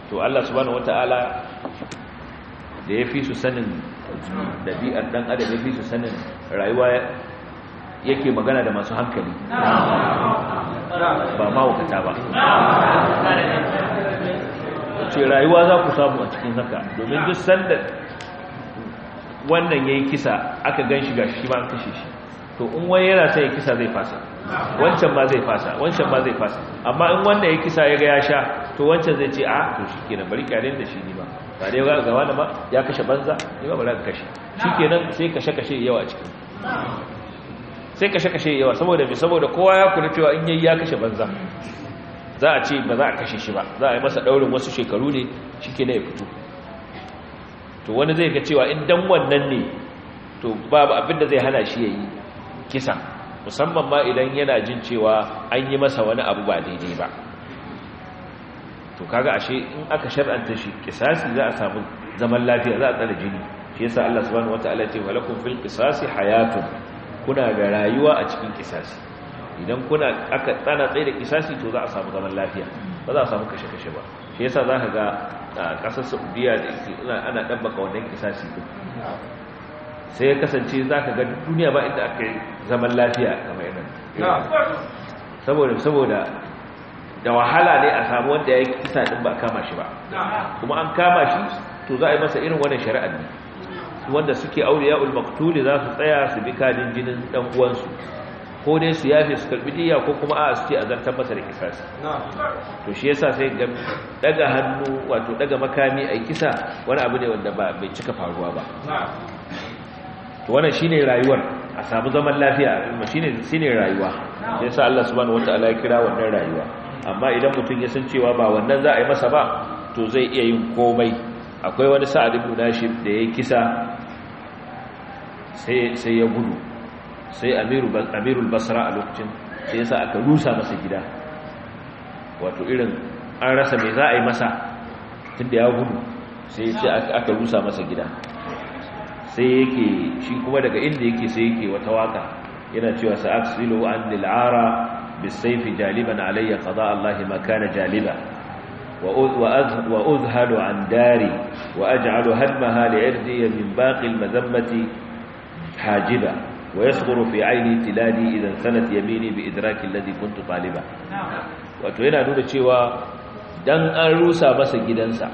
to Allah subhanahu wataala da ya fi su sanin dabi'ar dan adam ya fi su sanin rayuwa yake magana da masu hankali ba mawukata ba ce rayuwa za ku samu a cikin haka domin duk sanda wannan ya yi kisa aka gan shi ga shi ma an kashe shi to in wani yana sai ya kisa zai fasa wancan ma zai fasa wancan ma zai fasa amma in wanda ya kisa ya ga ya sha to wancan zai ce a to shikenan bari kyalen da shi ne ba ba dai ga gawa da ba ya kashe banza ne ba bari ka kashe shikenan sai kashe kashe yawa a cikin sai kashe kashe yawa saboda me saboda kowa ya kula cewa in yayi ya kashe banza za a ce ba za a kashe shi ba za a yi masa daurin wasu shekaru ne shikenan ya fito to wani zai ga cewa in dan wannan ne to babu abin da zai hana shi yayi kisa musamman ma idan yana jin cewa an yi masa wani abu ba daidai ba to kaga ashe in aka shar'anta shi kisasi za a samu zaman lafiya za a tsara jini shi yasa Allah subhanahu wataala ce walakum fil qisasi hayatun kuna ga rayuwa a cikin kisasi idan kuna aka tsana tsaye da kisasi to za a samu zaman lafiya ba za a samu kashe-kashe ba shi yasa za ka ga a ƙasar saudiya da ana ɗabbaka wannan kisasi sai ya kasance za ka ga duniya ba inda aka yi zaman lafiya kamar yanar saboda saboda da wahala ne a samu wanda ya yi kisa ɗin ba kama shi ba kuma an kama shi to za a yi masa irin wannan shari'ar ne wanda suke ya ulmaktuli za su tsaya su bi kanin jinin ɗan uwansu ko dai su yafe su karbi diya ko kuma a suke zartar masa da su to shi yasa sai ga daga hannu wato daga makami a yi kisa wani abu ne wanda ba bai cika faruwa ba to wannan shine rayuwar a samu zaman lafiya shine shine rayuwa sai sa Allah subhanahu wataala ya kira wannan rayuwa amma idan mutum ya san cewa ba wannan za a yi masa ba to zai iya yin komai akwai wani sa'ad ibn nashib da ya kisa sai sai ya gudu sai amiru amirul basra a lokacin sai ya sa aka rusa masa gida wato irin an rasa me za a yi masa tunda ya gudu sai aka rusa masa gida sai yake shi kuma daga inda yake sai yake wata waka yana cewa sa'asilu an dil'ara bisayfi jaliban alayya qada Allah ma kana jaliba wa uzhalu an dari wa aj'alu hadmaha li irdi min baqi al-mazammati hajiba wa yasghuru fi ayni tilali idan sanat yamini bi idraki alladhi kuntu taliba wato yana nuna cewa dan an rusa masa gidansa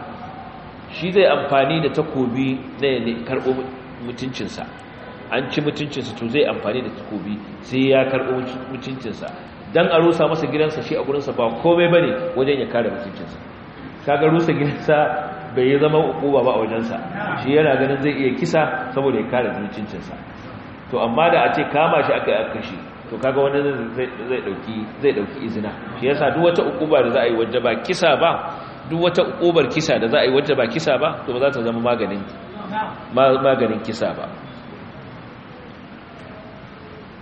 shi zai amfani da takobi na karɓo mutuncinsa an ci mutuncinsa to zai amfani da takobi sai ya karɓo mutuncinsa don a rusa masa gidansa shi a gurinsa ba komai ba ne wajen ya kare mutuncinsa kaga rusa gidansa bai yi zama ukuba ba a wajensa shi yana ganin zai iya kisa saboda ya kare mutuncinsa to amma da a ce kama shi aka yi aka shi to kaga wani zai dauki zai izina shi yasa duk wata ukuba da za a yi ba kisa ba duk wata ukubar kisa da za a yi wajaba kisa ba to ba za ta zama maganin maganin kisa ba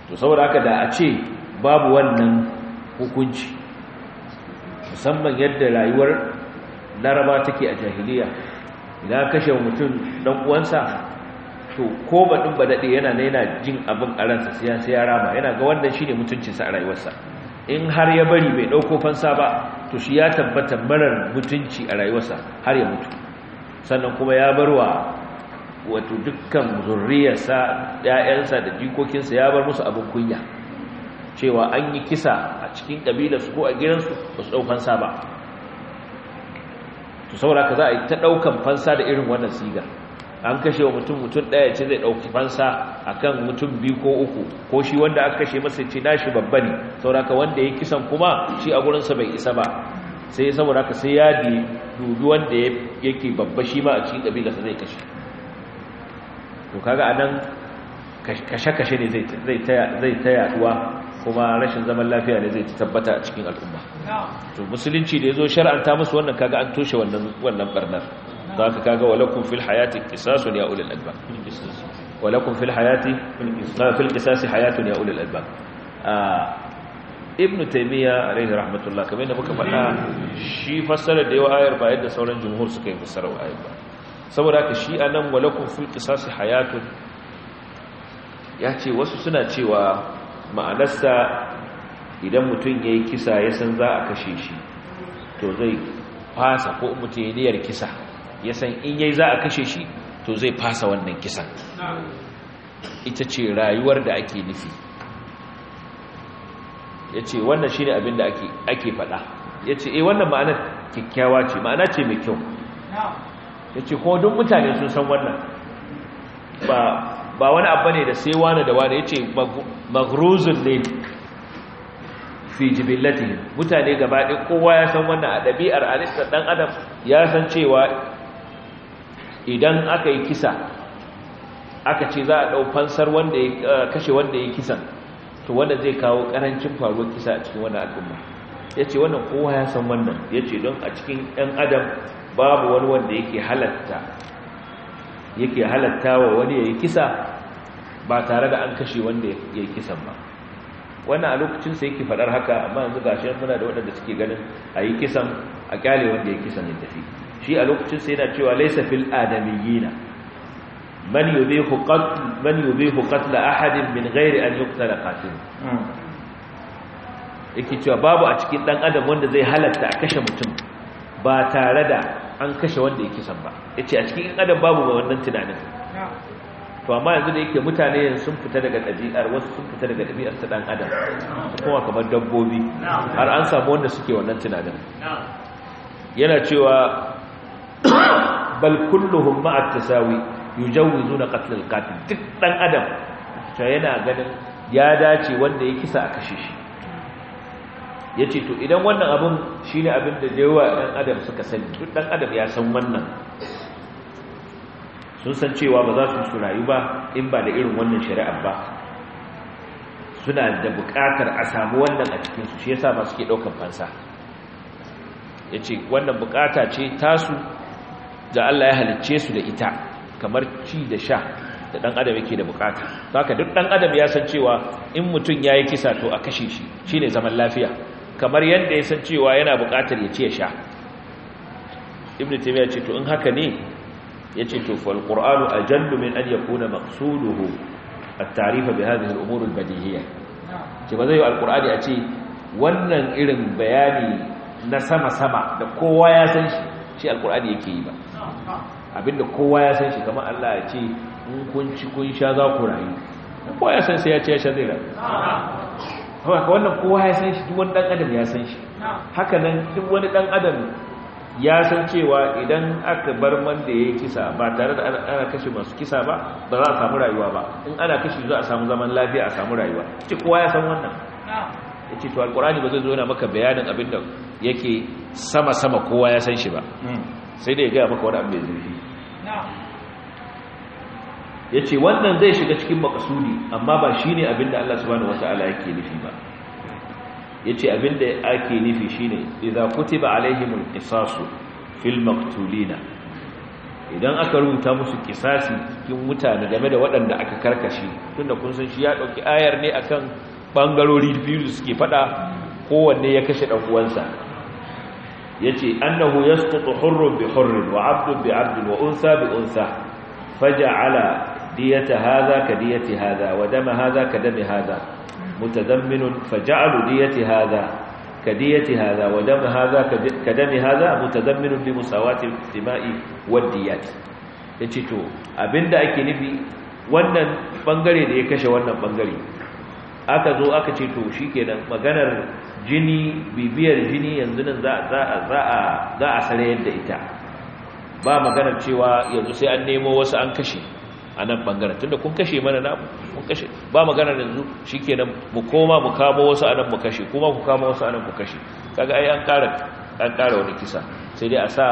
to saboda haka da a ce babu wannan hukunci musamman yadda rayuwar laraba take a jahiliya idan kashe mutum dan uwansa to ko ba daɗe yana ne yana jin abin a ransa sai ya rama yana ga wannan shine sa a rayuwarsa in har ya bari bai ɗauko fansa ba to shi ya tabbata marar mutunci a rayuwarsa har ya mutu sannan kuma ya barwa wato dukkan zurriyarsa ‘ya'yansa da jikokinsa ya bar musu abin kunya cewa an yi kisa a cikin ƙabilarsu ko a gidansu ba su ɗaukansa ba to saboda ka za a yi ta ɗaukan fansa da irin wannan sigar an kashe wa mutum mutum ɗaya ce zai ɗauki fansa a kan mutum biyu ko uku ko shi wanda aka kashe masa ce nashi babba ne ka wanda ya yi kisan kuma shi a gurinsa bai isa ba sai saboda ka sai ya dubi wanda yake babba shi ma a cikin ƙabilarsa zai kashe to kaga anan kashe-kashe ne zai ta yaduwa kuma rashin zaman lafiya ne zai tabbata a cikin al'umma to musulunci da ya zo shar'anta musu wannan kaga an toshe wannan barnar za ka kaga walakun fil hayati kisasun ya ulil albab walakun fil hayati fil kisasi hayatun ya ulil albab ibnu taymiya alayhi rahmatullah kamar yadda muka faɗa shi fassara da yawa ayar ba yadda sauran jumhur suka yi fassara ayar ba saboda ka shi anan walakun fil qisasi hayatun ya ce wasu suna cewa ma'anarsa idan mutum ya yi kisa ya san za a kashe shi to zai fasa ko mutum ya niyar kisa ya san in yayi za a kashe shi to zai fasa wannan kisan ita ce rayuwar da ake nufi ya ce wannan shi ne abin da ake faɗa ya ce e wannan ma'anar kyakkyawa ce ma'ana ce mai kyau ya ce ko duk mutane sun san wannan ba wani abu ne da sai wani da wani ya ce magruzun ne fi jibillati mutane gabaɗe kowa ya san wannan a ɗabi'ar alistar ɗan adam ya san cewa idan aka yi kisa aka ce za a ɗau fansar wanda ya kashe wanda ya yi kisan to wanda zai kawo ƙarancin faruwar kisa a cikin wannan al'umma ya ce wannan kowa ya san wannan ya ce don a cikin ɗan adam babu wani wanda yake halatta yake halatta wa wani ya yi kisa ba tare da an kashe wanda ya yi kisan ba wannan a lokacinsa yake faɗar haka amma yanzu ga gashin muna da waɗanda suke ganin a yi kisan a kyale wanda ya yi kisan ya tafi shi a lokacinsa yana cewa laisa fil adamiyina man yubihu qatl man yubihu qatl ahadin min ghairi an yuqtala qatil hmm. yake cewa babu a cikin dan adam wanda zai halatta a kashe mutum ba tare da an kashe wanda ya san ba ya ce a cikin yan adam babu ba wannan tunanin to amma yanzu da yake mutane sun fita daga ɗabi'ar wasu sun fita daga ɗabi'ar ta ɗan adam kuma kamar dabbobi har an samu wanda suke wannan tunanin yana cewa bal kulluhum ma'a tasawi yujawizuna qatl al-qatil duk ɗan adam to yana ganin ya dace wanda ya kisa a kashe shi ya ce to idan wannan abin shi ne abin da jewa ɗan adam suka sani ɗan adam ya san wannan sun san cewa ba za su rayu ba in ba da irin wannan shari'ar ba suna da buƙatar a samu wannan a cikinsu shi ya sa masu ke ɗaukan fansa ya ce wannan buƙata ce tasu da Allah ya halicce su da ita kamar ci da sha da ɗan adam yake da buƙata haka duk ɗan adam ya san cewa in mutum ya yi kisa to a kashe shi shi ne zaman lafiya kamar yadda ya san cewa yana buƙatar ya ce ya sha ibn taymiya ce to in haka ne yace to fal qur'anu ajallu min an yakuna maqsuduhu at-ta'rif bi hadhihi al-umur al-badihiyya ce ba zai al-qur'ani a ce wannan irin bayani na sama sama da kowa ya san shi shi al-qur'ani yake yi ba abinda kowa ya san shi kamar Allah ya ce in kun ci kun sha za ku rayu kowa ya san sai ya ce ya sha zai rayu haka wannan kowa ya san shi duk wani dan adam ya san shi haka nan duk wani dan adam ya san cewa idan aka bar wanda ya yi kisa ba tare da ana kashe masu kisa ba ba za a samu rayuwa ba in ana kashe za a samu zaman lafiya a samu rayuwa ce kowa ya san wannan ya ce to alkurani ba zai zo yana maka bayanin abin da yake sama-sama kowa ya san shi ba hmm. sai da ya gaya maka wani abin da zai ya ce wannan zai shiga cikin makasudi amma ba shi ne abinda Allah subhanahu wata'ala yake nufi ba ya ce abinda ake nufi shi ne idan kutiba alaihimul kisasu fil maktulina idan aka rubuta musu kisasi cikin mutane game da waɗanda aka karkashi tunda kun san shi ya ɗauki ayar ne a kan ɓangarori biyu da suke faɗa kowanne ya kashe ɗan uwansa ce annahu yasqutu hurrun bi hurrin wa 'abdun bi 'abdin wa unsa bi unsa faja'ala diyata haza ka diyati haza wa dama hadha ka dami hadha mutadammin faj'alu diyati haza ka diyati haza wa dama hadha ka dami hadha mutadammin bi musawati al-istima'i wad diyat yace to abinda ake nufi wannan bangare da ya kashe wannan bangare aka zo aka ce to shikenan maganar jini bibiyar jini yanzu nan za a za za a sare yadda ita ba maganar cewa yanzu sai an nemo wasu an kashe a nan bangaren tunda kun kashe mana namu kun kashe ba magana yanzu shikenan mu koma mu kama wasu a nan mu kashe kuma ku kama wasu a nan mu kashe kaga ai an ƙara an ƙara wani kisa sai dai a sa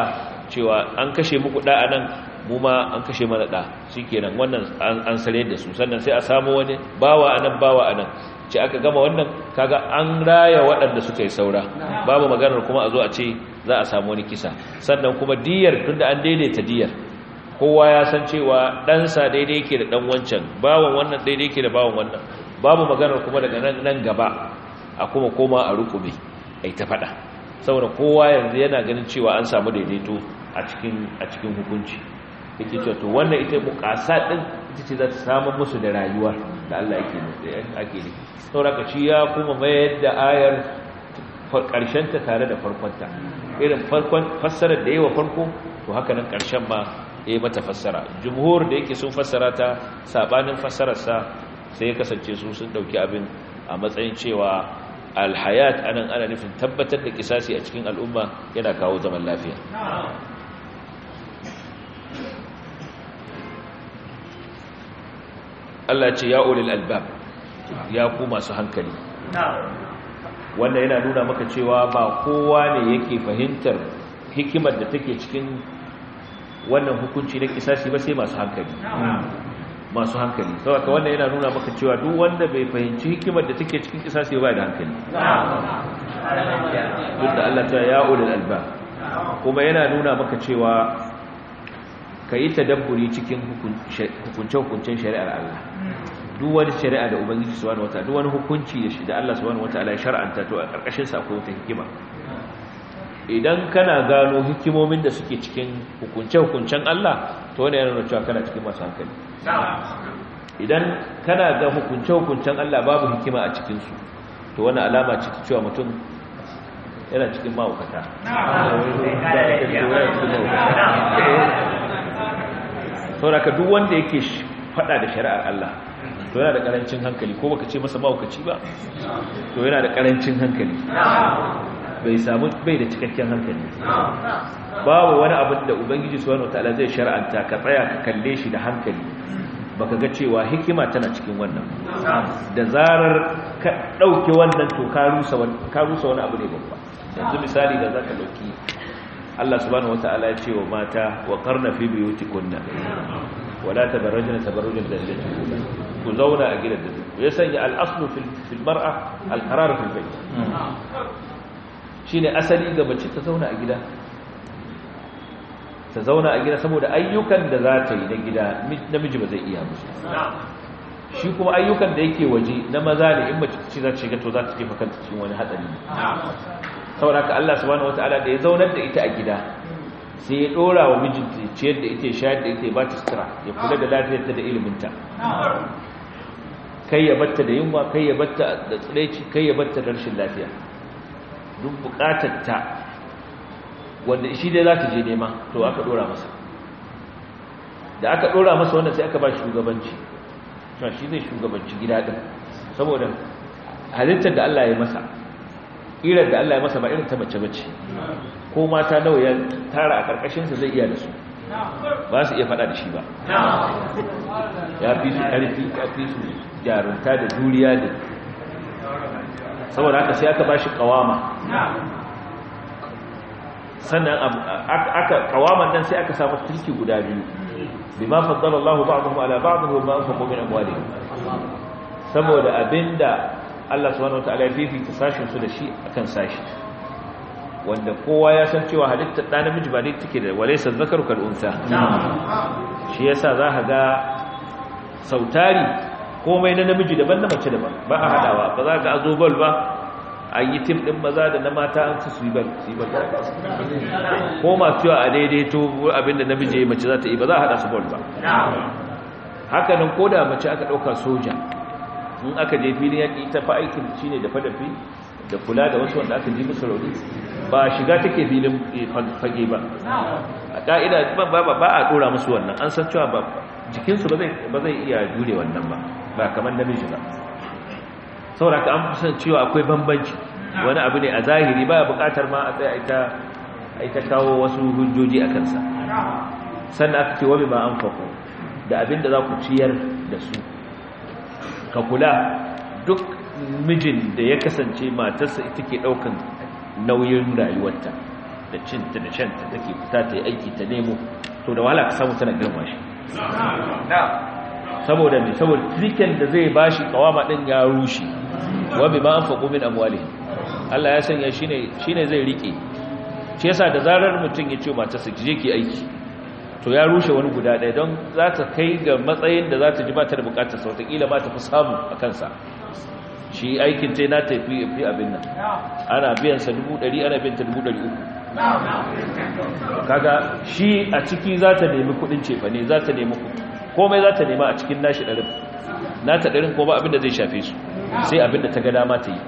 cewa an kashe muku da a nan mu ma an kashe mana da shikenan wannan an sare da su sannan sai a samu wani bawa a nan bawa a nan ce aka gama wannan kaga an raya waɗanda suka yi saura babu maganar kuma a zo a ce za a samu wani kisa sannan kuma diyar tunda an daidaita diyar kowa ya san cewa ɗansa daidai ke da ɗan wancan bawan wannan daidai yake da bawan wannan babu maganar kuma daga nan gaba a kuma koma a rukume ai ta faɗa saboda kowa yanzu yana ganin cewa an samu daidaito a cikin a cikin hukunci yake cewa to wannan ita muƙasa ɗin ita ce za ta samu musu da rayuwa da Allah ake ne saboda shi ya kuma mayar da ayar ƙarshenta tare da farkonta irin farkon fassarar da yawa farko to haka nan ƙarshen ba. ya e, mata fassara jumhur da yake sun fassara ta saɓanin fassararsa sai ya kasance su sun ɗauki abin a matsayin cewa alhayat anan ana nufin tabbatar da kisasi a cikin al'umma yana kawo zaman lafiya Allah ce ya ulil albab ya ku masu hankali wanda yana nuna maka cewa ba kowa ne yake fahimtar hikimar da take cikin wannan hukunci na kisasi ba sai masu hankali masu hankali saboda wannan yana nuna maka cewa duk wanda bai fahimci hikimar da take cikin kisasi ba da hankali duk da Allah ta ya ulul alba kuma yana nuna maka cewa ka yi tadabburi cikin hukunce-hukuncen shari'ar Allah duk wani shari'a da ubangiji subhanahu wata duk wani hukunci da Allah subhanahu wata ya shar'anta to a ƙarƙashin sa akwai wata hikima idan kana gano hikimomin da suke cikin hukunce-hukuncen Allah to wani yana cewa kana cikin masu hankali idan kana ga hukunce-hukuncen Allah babu hikima a cikinsu to wani alama ciki cewa mutum yana cikin ma'aukata ka duk wanda yake fada da shari'ar Allah to yana da karancin hankali ko baka ce masa ma'aukaci ba to yana da karancin hankali bai samu bai da cikakken hankali babu wani abin da ubangiji subhanahu wataala zai shar'anta ka tsaya ka kalle shi da hankali baka ga cewa hikima tana cikin wannan da zarar ka wannan to ka rusa wani abu ne babba yanzu misali da zaka ɗauki. Allah subhanahu wataala ya ce wa mata wa qarna fi buyutikunna wala tabarrajna da jahiliyyah ku zauna a gidan da ya sanya al filmar a mar'a al shine asali ga mace ta zauna a gida ta zauna a gida saboda ayyukan da za ta yi na gida namiji ba zai iya musu shi kuma ayyukan da yake waje na maza ne in mace ce za ta shiga to za ta jefa kanta cikin wani hatsari saboda haka Allah subhanahu wataala da ya zaunar da ita a gida sai ya dora wa mijinta ya ciyar da ita ya shayar da ita ya ba ta sutura ya kula da lafiyarta da iliminta kai ya batta da yunwa kai ya batta da tsiraici kai ya batta da rashin lafiya duk bukatar ta wanda shi dai za ta je nema to aka dora masa da aka dora masa wannan sai aka ba shugabanci cewa shi zai shugabanci gida din saboda halittar da Allah ya masa irar da Allah ya masa ba irin ta mace bace ko mata nawa ya tara a karkashin sa zai iya da su ba su iya fada da shi ba ya fi su karfi ya fi su jarunta da duriya da saboda haka sai aka ba shi kawama sannan aka kawaman nan sai aka samu turki guda biyu bima faddala Allahu ba'dahum ala ba'dhin wa ma anfaqu min amwalihim saboda abinda Allah subhanahu wataala ya fifita sashin su da shi akan sashi wanda kowa ya san cewa halitta da namiji ba dai take da walaysa zakaru kal unsa shi yasa za ka ga sautari komai na namiji daban na mace daban ba a hadawa ba za ka ga bal ba a yi tim ɗin maza da na mata an su yi ban ko ma cewa a daidaito abinda na bije mace za ta yi ba za a haɗa su bol ba haka nan ko da mace aka ɗauka soja in aka je filin yaƙi ta fa aikin shi ne da fadafi da kula da wasu wanda aka ji musu rauni ba shiga take filin eh, fage ba a ƙa'ida ba a ɗora musu wannan an san cewa jikinsu ba zai iya jure wannan ba ba kamar namiji ba saboda ka an kusan cewa akwai bambanci wani abu ne a zahiri ba buƙatar ma a tsaya a ita kawo wasu hujjoji a kansa sannan aka ce wabi ma an fako da abin da za ku ciyar da su ka kula duk mijin da ya kasance matarsa ita ke ɗaukan nauyin rayuwarta da cinta da shanta take fita ta yi aiki ta nemo to da wahala ka samu tana girma shi saboda mai saboda trikin da zai bashi kawama ɗin ya rushe wa bima faƙo min amwalihim Allah ya sanya shi ne zai riƙe. shi yasa da zarar mutum ya ce matarsa ki je ki aiki to ya rushe wani guda ɗaya don za ta kai ga matsayin da za ta ji matar da bukatar sa watakila ma ta fi samu a kansa shi aikin ta na tafi fi abin nan ana biyan sa dubu ɗari ana biyan ta dubu ɗari uku kaga shi a ciki za ta nemi kuɗin cefa ne za ta nemi komai za ta nema a cikin nashi ɗarin nata ɗarin ko ba abin da zai shafe su sai abinda ta ga dama ta yi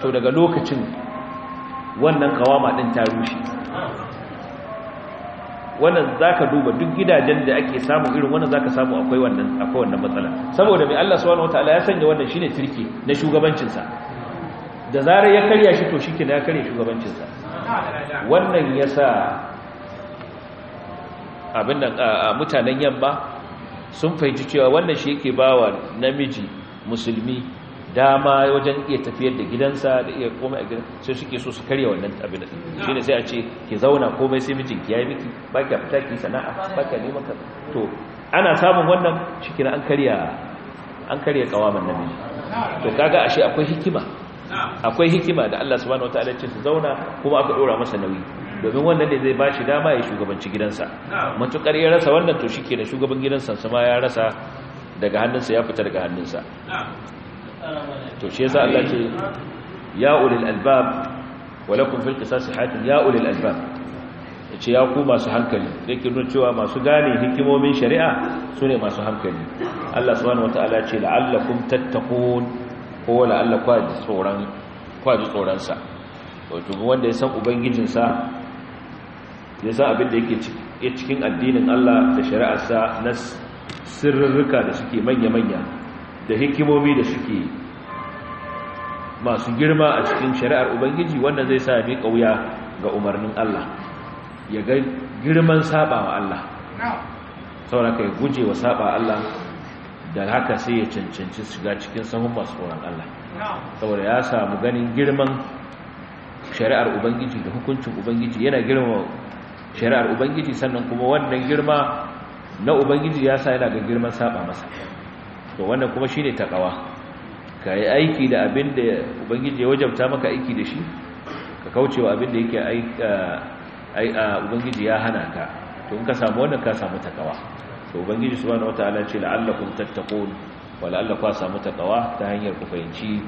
to daga lokacin wannan kawama din ta rushe wannan zaka duba duk gidajen da ake samu irin wannan zaka samu akwai wannan akwai matsala saboda mai Allah subhanahu Ala ya sanya wannan shine turki na shugabancin da zarar ya karya shi to ke da ya karya shugabancin sa wannan yasa abin da mutanen yamma sun fahimci cewa wannan shi yake bawa namiji musulmi dama wajen iya tafiyar da gidansa da iya komai a gidan sai suke so su karya wannan abin shi ne sai a ce ki zauna komai sai mijinki ya yi miki ba ki fita ki sana'a ba ki nema ka to ana samun wannan shi an karya an karya kawaman ne to kaga ashe akwai hikima akwai hikima da Allah subhanahu wataala ce su zauna kuma aka dora masa nauyi domin wannan ne zai ba shi dama ya shugabanci gidansa matukar ya rasa wannan to da shugaban gidansa ma ya rasa daga hannunsa ya fita daga hannunsa to shi yasa Allah ce ya ulil albab walakum fil qisas hayatun ya ulil albab yace ya ku masu hankali yake nuna cewa masu gane hikimomin shari'a sune masu hankali Allah subhanahu wataala ce la'allakum tattaqun ko la'allakum tsoran kwaji tsoran sa wato wanda ya san ubangijinsa ya san abin da yake cikin addinin Allah da shari'arsa nas sirrurruka da suke manya-manya da hikimomi da suke masu girma a cikin shari'ar ubangiji wanda zai sa mai wuya ga umarnin Allah ya ga girman saba wa Allah sauraka ya guje wa saba Allah da haka sai ya cancanci shiga cikin sahun masu tsoron Allah saboda ya samu ganin girman shari'ar ubangiji da hukuncin ubangiji yana girma shari'ar ubangiji sannan kuma wannan girma na ubangiji ya sa yana ga girman saba masa to wannan kuma shine takawa ka yi aiki da abin da ubangiji ya wajabta maka aiki da shi ka wa abin da yake aika ubangiji ya hana ka to in ka samu wannan ka samu takawa to ubangiji subhanahu wataala ce la'allakum tattaqun wa la'allakum samu takawa ta hanyar ku fahimci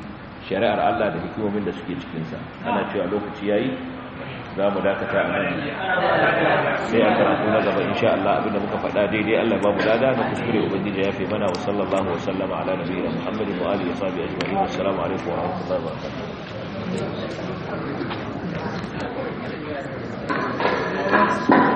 shari'ar Allah da hikimomin da suke cikin sa ana cewa lokaci yayi za mu dakata a nan sai an karatu na gaba insha Allah abinda muka faɗa daidai Allah ba mu dada na kuskure ubangiji ya fi mana wa sallallahu wa sallama ala nabiyina Muhammadin wa alihi wa sahbihi ajma'in assalamu alaikum wa rahmatullahi wa barakatuh